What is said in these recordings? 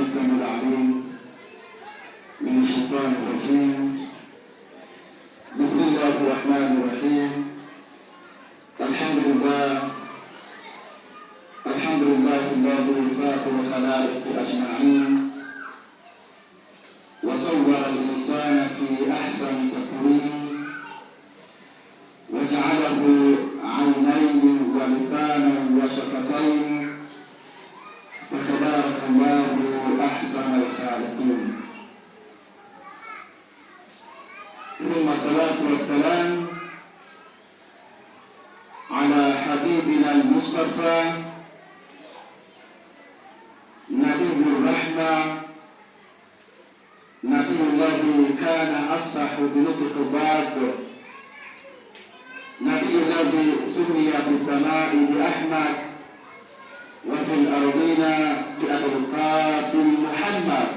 السميع العليم من الشيطان الرجيم بسم الله الرحمن الرحيم الحمد لله الحمد لله الذي فاخر خلائق اجمعين وصور الانسان في احسن تقويم وجعله عينين ولسانا وشفتين ثم الصلاة والسلام على حبيبنا المصطفى نبي الرحمة نبي الله كان أفصح بنطق بعد نبي الذي سمي بالسماء بأحمد وفي الأرضين بأبو القاسم محمد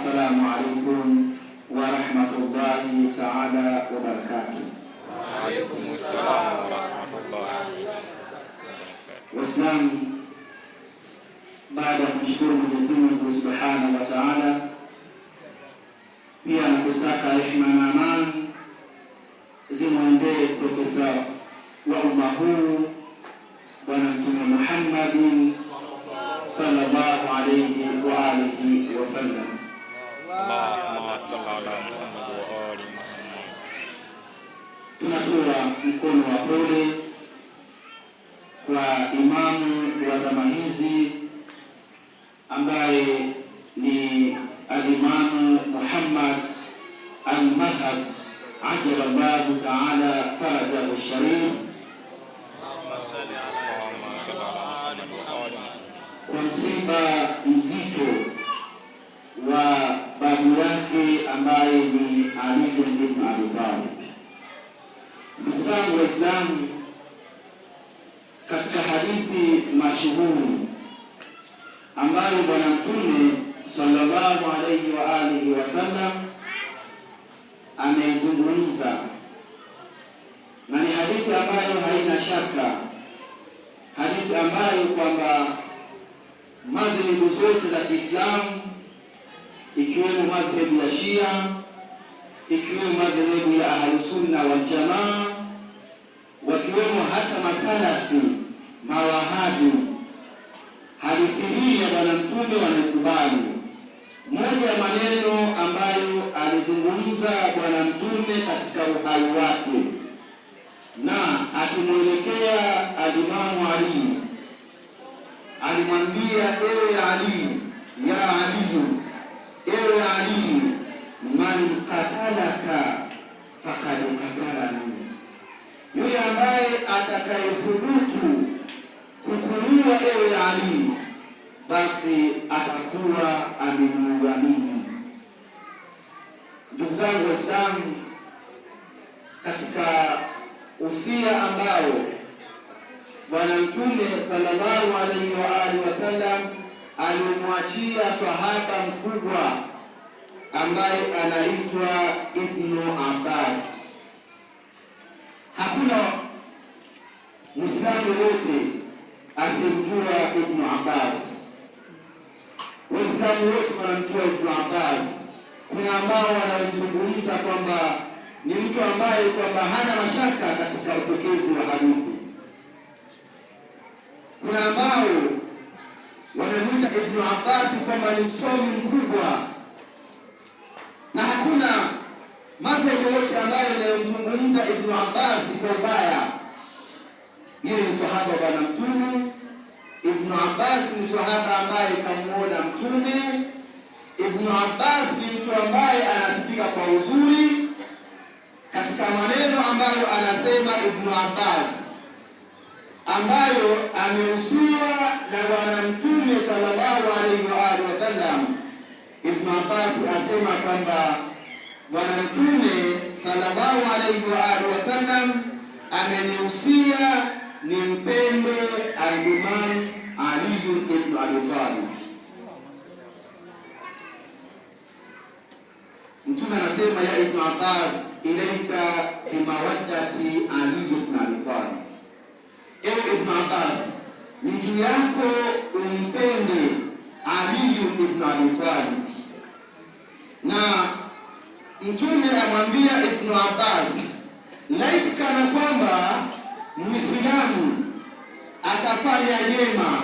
السلام عليكم ورحمة الله تعالى وبركاته وعليكم السلام ورحمة الله وبركاته وسلام بعد مشكور نشكر من سبحانه وتعالى في أن تستقى رحمة نعمان زمان دي بروفيسور وأمه ونبتم محمد صلى الله عليه وآله وسلم Allahumma salli ala Muhammad wa ali Muhammad. Tunatoa mkono wa pole kwa imamu wa zama hizi ambaye Uislamu katika hadithi mashuhuri ambayo Bwana Mtume sallallahu alayhi wa alihi wasallam ameizungumza, na ni hadithi ambayo haina shaka, hadithi ambayo kwamba madhehebu zote za Kiislamu ikiwemo madhehebu ya Shia, ikiwemo madhehebu ya Ahlusunna wal Jamaa wakiwemo hata masalafu mawahabi. Hadithi hii ya Bwana Mtume wanaikubali. Moja ya maneno ambayo alizungumza Bwana Mtume katika uhai wake na akimwelekea alimamu Ali alimwambia, ewe Ali njia ambayo Bwana Mtume sallallahu alaihi wa alihi wasallam alimwachia swahaba mkubwa ambaye anaitwa Ibnu Abbas. Hakuna Muislamu yote asimjua Ibnu Abbas. Waislamu wote wanamjua Ibnu Abbas. Kuna ambao wanamzungumza kwamba ni mtu ambaye kwamba hana mashaka katika upokezi wa hadithi. Kuna ambao wanamwita Ibnu Abbasi kwamba ni msomi mkubwa, na hakuna madhehebu yoyote ambayo inayomzungumza Ibnu Abbasi kwa ubaya. Yeye ni sahaba Bwana Mtume. Ibnu Abbas ni sahaba ambaye kamuona Mtume. Ibnu Abbas ni mtu ambaye anasifika kwa uzuri katika maneno ambayo anasema Ibnu Abbas ambayo amehusiwa na Bwana Mtume sallallahu alaihi wa alihi wasallam. Ibnu Abbas asema kwamba Bwana Mtume sallallahu alaihi wa alihi wasallam amenihusia ni mpende Alimam Ali ibn Abi Talib. Mtume anasema ya Ibn Abbas ilaika bimawaddati aliyi ibn Ewe Ibn Abbas, ndugu yako umpende Aliyu ibn Abi Na Mtume amwambia Ibn Abbas, laiti kana kwamba Muislamu atafanya jema,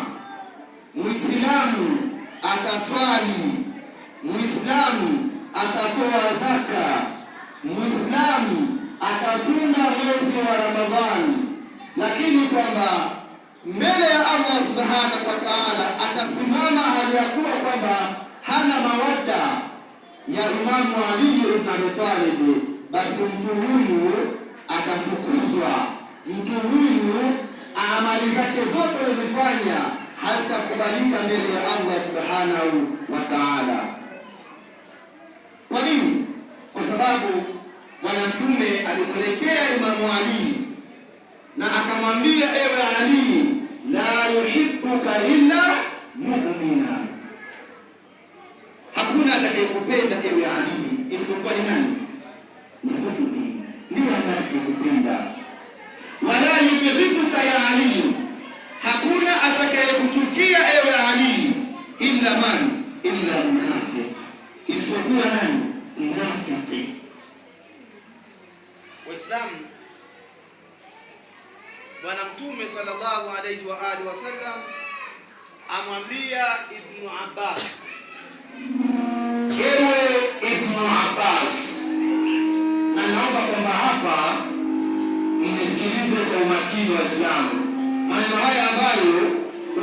Muislamu ataswali, Muislamu atatoa zaka Muislamu atafunga mwezi wa Ramadhani, lakini kwamba mbele ya Allah subhanahu wa ta'ala atasimama hali ya kuwa kwamba hana mawadda ya Imamu Ali ibn Abi Talib, basi mtu huyu atafukuzwa. Mtu huyu amali zake zote alizofanya hazitakubalika mbele ya Allah subhanahu wa ta'ala. Kwa nini? Kwa sababu Bwana Mtume alimwelekea Imamu Ali na akamwambia, ewe Ali, la yuhibbuka illa mu'mina, hakuna atakayekupenda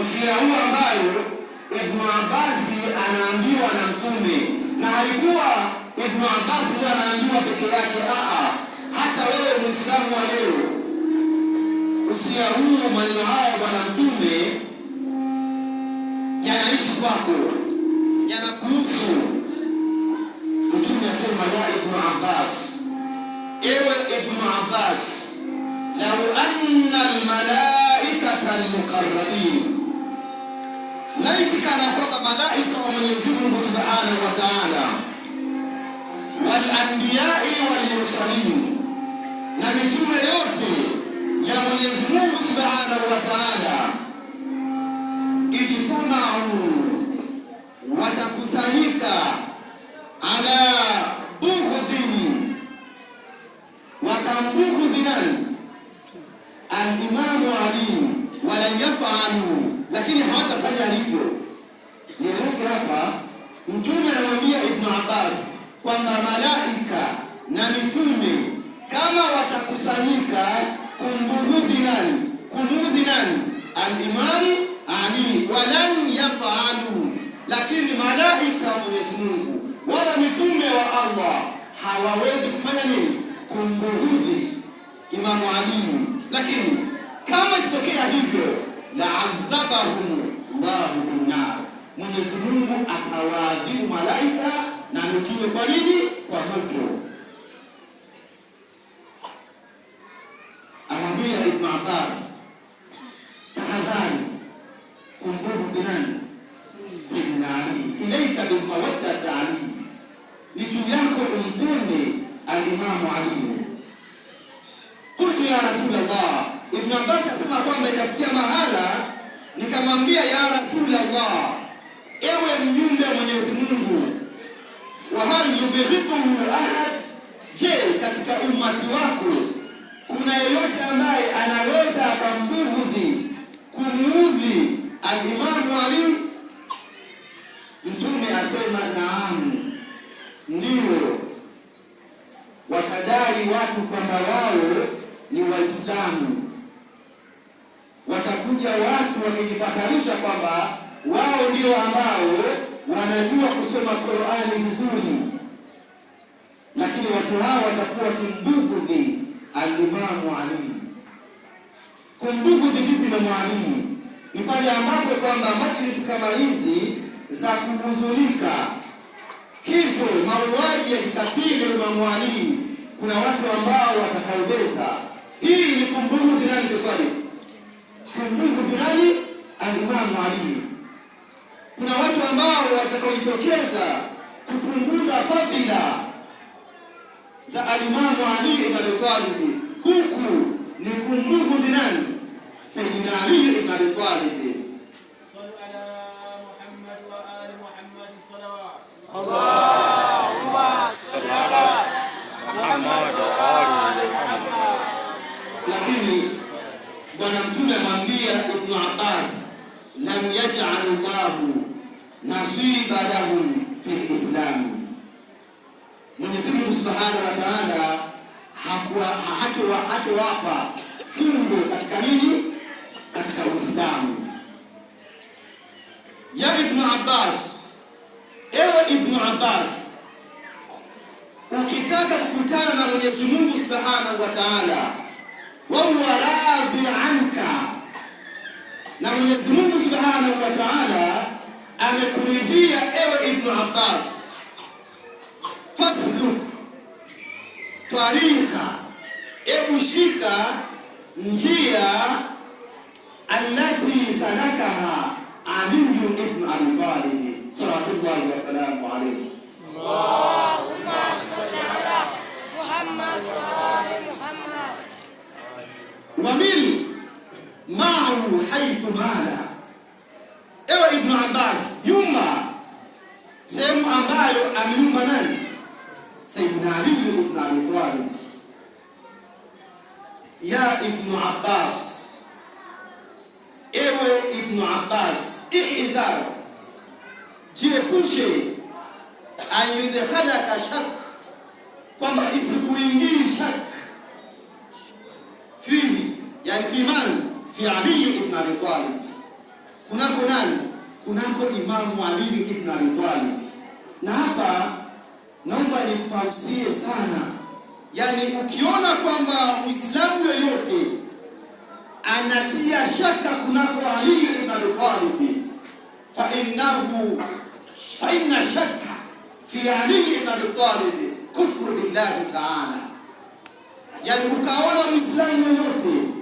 Usira huu ambayo Ibn Abbas anaambiwa na Mtume, na haikuwa Ibn Abbas ndio anaambiwa peke yake. Aa, hata wewe Muislamu wa leo, usira huu, maneno haya Bwana Mtume yanaishi kwako, yanakuhusu. Mtume asema, ya Ibn Abbas, ewe Ibn Abbas, lau anna almalaikata almuqarrabin na itikana kwamba malaika wa Mwenyezi Mungu Subhanahu wa Ta'ala, wal anbiyai wal mursalin, na mitume yote ya Mwenyezi Mungu Subhanahu wa Ta'ala, ijtamau, watakusanyika ala bughudin, watambughudhian alimamu alimu walan yafalu lakini hawatafanya hivyo. Nieleke hapa, Mtume anamwambia Ibnu Abbas kwamba malaika na mitume kama watakusanyika kumbughudhi nani, kumudhi nani, alimamu Ali, walan yafalu, lakini malaika wa Mwenyezi Mungu wala mitume wa Allah hawawezi kufanya nini, kumbughudhi Imamu Ali. Lakini kama ikitokea hivyo la adhabahum llahu binnar, Mwenyezi Mungu atawaadhibu malaika na mitume. Kwa nini? Kwa moto. Anamwambia Ibn Abbas, tahadhari kumbudu binani Sayyidina Ali, ilaika bilmawaddati Ali, ni juu yako alimamu Ali. Qultu ya Rasulullah, Ibn Abbas kwamba ametafikia mahala, nikamwambia ya Rasulullah, ewe mjumbe wa Mwenyezi Mungu, wahal yubilikuhu ahad, je, katika ummati wako kuna yeyote ambaye anaweza akambughudhi, kumuudhi alimamu Ali? Mtume asema naamu, ndio wakadai watu kwamba wao ni Waislamu watakuja watu wakijifakarisha kwamba wao ndio ambao wanajua kusoma Qur'ani vizuri, lakini watu hao watakuwa kumbughudhi alimamu alimu. Kumbughudhi vipi na mwalimu? Ni pale ambapo kwamba majlisi kama hizi za kuhuzulika kifo, mauaji ya kikatili na mwalimu, kuna watu ambao watakaobeza. Hii ni kumbughudhi nani? ndugu Bilali yaani, alikuwa mwalimu. Kuna watu ambao watakaojitokeza kupunguza fadhila za alimamu Ali ibn Abi Talib, huku ni kumbuku ni nani? Sayyidina Ali ibn Abi Talib yako Ibn Abbas, lam yaj'al llahu nasiba fi lislami, Mwenyezi Mungu subhanahu wa taala hakuwapa fimbo katika nini? Katika Uislamu. Ya Ibn Abbas, ewe Ibn Abbas, ukitaka kukutana na Mwenyezi Mungu subhanahu wa taala, wahuwa radhi anka na Mwenyezi Mungu Subhanahu wa Ta'ala amekuridhia ewe Ibnu Abbas, fasluk twarika, ebu shika njia allati salakaha Aliyu ibnu Abi Talib salawatullahi wasalamu alayhi. Allahumma salli ala Muhammad maahu haithu mala. Ewe Ibnu Abbas, nyumba sehemu ambayo amenyumba nani? Sayyidina Ali ibn Abi Talib. Ya Ibn Abbas, ewe Ibn Abbas, ihdhar, jiepushe anyudhalaka shak, kwamba isikuingii shak fi yani fi man fi Ali ibn Abi Talib, kunako nani? Kunako Imamu Ali ibn Abi Talib. Na hapa naomba nikuhusie sana, yaani ukiona kwamba Muislamu yoyote anatia shaka kunako Ali ibn Abi Talib, fa innahu fa inna shakka fi Ali ibn Abi Talib kufru billahi taala, yani ukaona Muislamu yoyote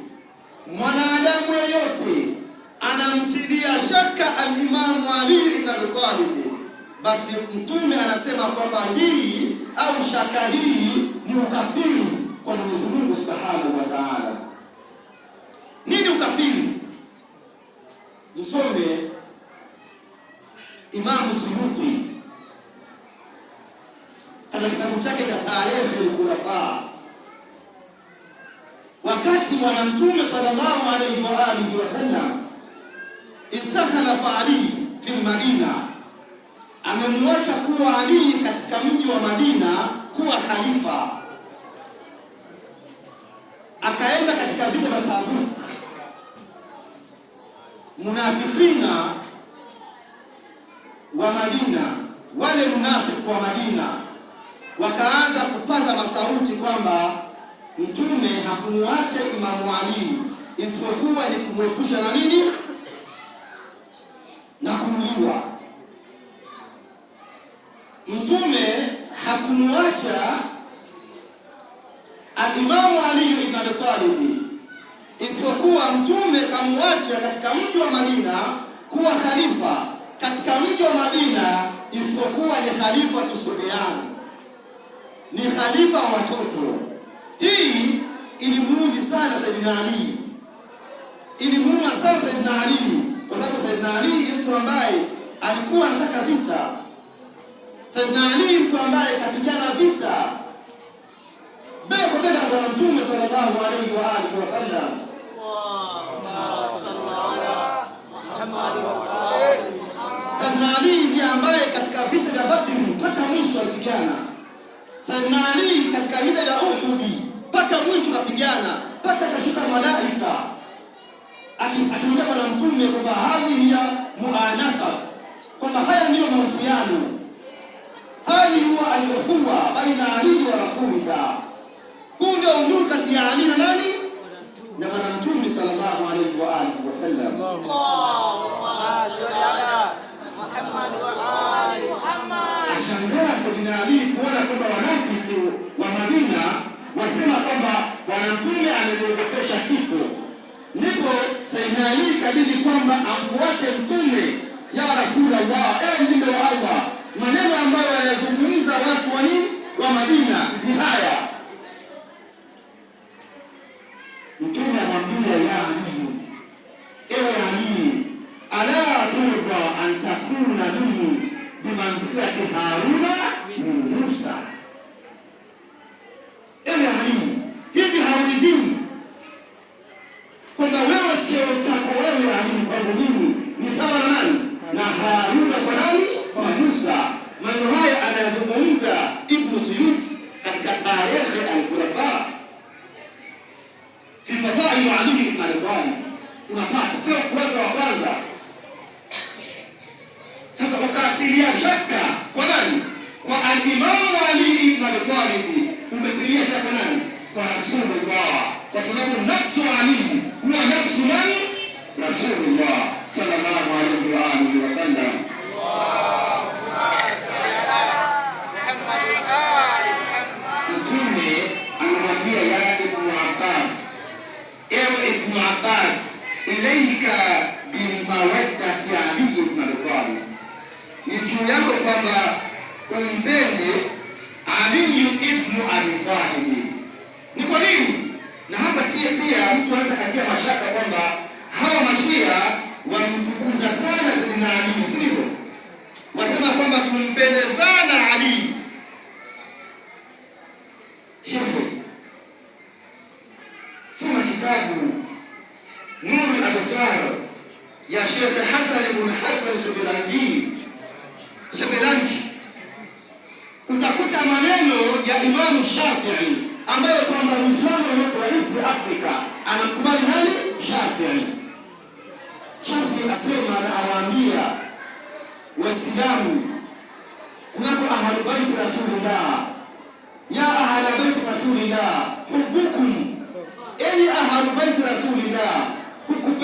mwanadamu yeyote anamtilia shaka alimamu Ali bin Abi Talib, basi mtume anasema kwamba hii au shaka hii ni ukafiri kwa Mwenyezi Mungu Subhanahu wa Ta'ala. Nini ukafiri? Msome Imamu Suyuti katika kitabu chake cha Taarikh al na Mtume sallallahu alayhi wa alihi wasallam istakhalafa Ali fi Madina, amemwacha kuwa Ali katika mji wa Madina kuwa khalifa, akaenda katika vita vya Tabuk. Munafikina wa Madina, wale munafiki wa Madina wakaanza kupaza masauti kwamba Mtume hakumwacha Imamu Ali isipokuwa ni kumwepusha na nini na kuuliwa. Mtume hakumwacha Alimamu Ali ibn Abi Talib isipokuwa Mtume kamwacha katika mji wa Madina kuwa khalifa katika mji wa Madina isipokuwa ni khalifa tusubeani, ni khalifa watoto ilimuudhi sana Saidina Ali, ilimuuma sana Saidina Ali, kwa sababu Saidina Ali ni mtu ambaye alikuwa anataka vita. Saidina Ali mtu ambaye kapigana vita bega kwa bega na Mtume sallallahu alaihi wa alihi wasallam. Saidina Ali ndiye ambaye katika vita vya Badri mpaka mwisho alipigana. Saidina Ali katika vita vya Uhud mpaka mwisho kapigana, mpaka akashuka malaika akimwambia Bwana Mtume kwamba hadhihi ya muanasa, kwamba haya ndiyo mahusiano, hali huwa aliohuwa baina alihi wa rasulillah. Huu ndio undugu kati ya Ali na nani na Bwana Mtume sallallahu alaihi wa alihi wasallam. Ashangaa Sayyidina Ali kuona kwamba wanasema kwamba Bwana Mtume ameniogopesha kifo. Ndipo Saidina Ali ikabidi kwamba amfuate Mtume, ya Rasulullah, ewe mjumbe wa Allah. Maneno ambayo wanazungumza watu wa nini wa Madina ni haya. Mtume anamwambia ya Ali, ewe Ali, ala turda an takuna mini bimanzilati Haruna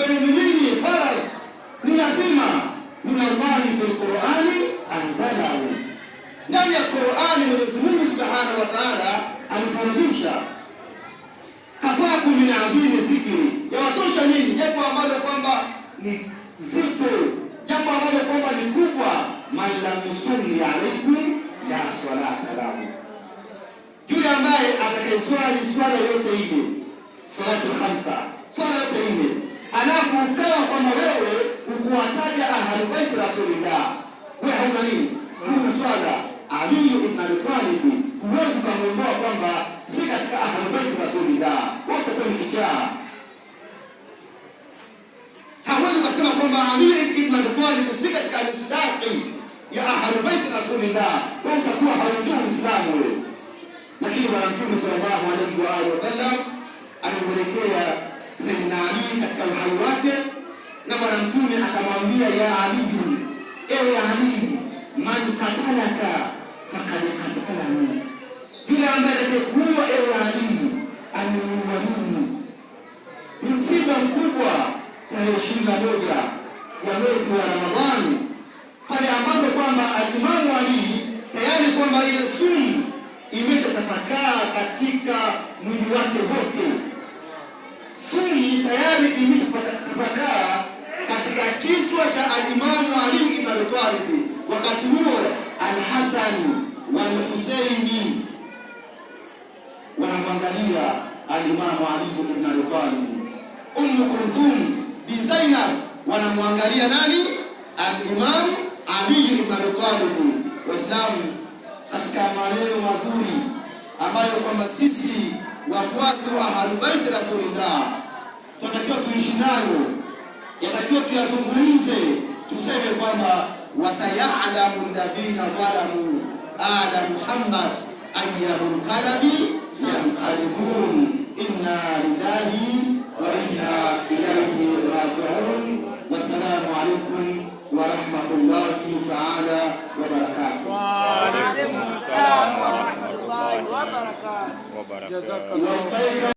lakini ninyi faraj ni lazima, min Allahi fil Qurani anzalahu, ndani ya Qurani Mwenyezi Mungu subhanahu wa taala alifarajisha. Kafakum min adhimi dhikri, yawatosha ninyi jambo ambalo kwamba ni zito, jambo ambalo kwamba ni kubwa. man lam yusalli alaikum la salata lahu, yule ambaye atakayeswali swala yote ile, salatul khamsa, swala yote ile alafu ukawa kama wewe ukuwataja ahlu baiti rasulillah, we hauna nini kuna ah. swala Ali ibn Abi Talib, huwezi ukamuondoa kwamba si katika ahlu baiti rasulillah, wote kwa kichaa. Hawezi ukasema kwamba Ali ibn Abi Talib si katika misdaqi ya ahlu baiti rasulillah, we utakuwa haujui Uislamu wewe. Lakini Bwana Mtume sallallahu alaihi wa alihi wasallam amemwelekea Sayyidina Ali katika uhai wake, na Bwana Mtume akamwambia ya Aliyu, ewe Aliyu, man katalaka fakad katalani, yule ambaye atakayekuua ewe Aliyu ameniua mimi. Ni msiba mkubwa tarehe ishirini na moja ya mwezi wa Ramadhani, pale ambapo kwamba alimamu Ali tayari kwamba ile sumu imeshatapakaa katika mwili wake imepakaa katika kichwa cha alimamu Ali ibn Abi Talib, wakati huo Alhasan walhuseini wanamwangalia alimamu Ali ibn Abi Talib, Ummu Kulthum bi Zainab wanamwangalia nani? Alimamu Ali ibn Abi Talib. Waislamu, katika maneno mazuri ambayo kwamba sisi wafuasi wa Ahlul Bait Rasulillah tunatakiwa tuishi nayo, yatakiwa tuyazungumze, tuseme kwamba wasayalamu ladhina dhalamu ala Muhammad ayyahul qalbi yanqalibun inna lillahi wa inna ilayhi raji'un. Wassalamu alaykum wa rahmatullahi ta'ala wa barakatuh. Wa alaykum assalam wa rahmatullahi wa barakatuh.